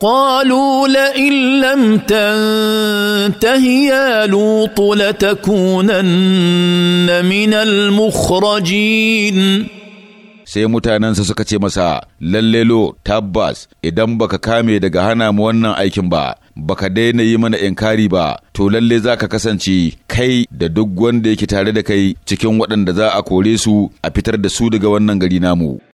قالوا لئن لم تنته يا لوط لتكونن من المخرجين sai mutanensa suka ce masa lalle lo tabbas idan baka kame daga hana mu wannan aikin ba baka daina yi mana inkari ba to lalle za ka kasance kai da duk wanda yake tare da kai cikin waɗanda za a kore su a fitar da su daga wannan gari namu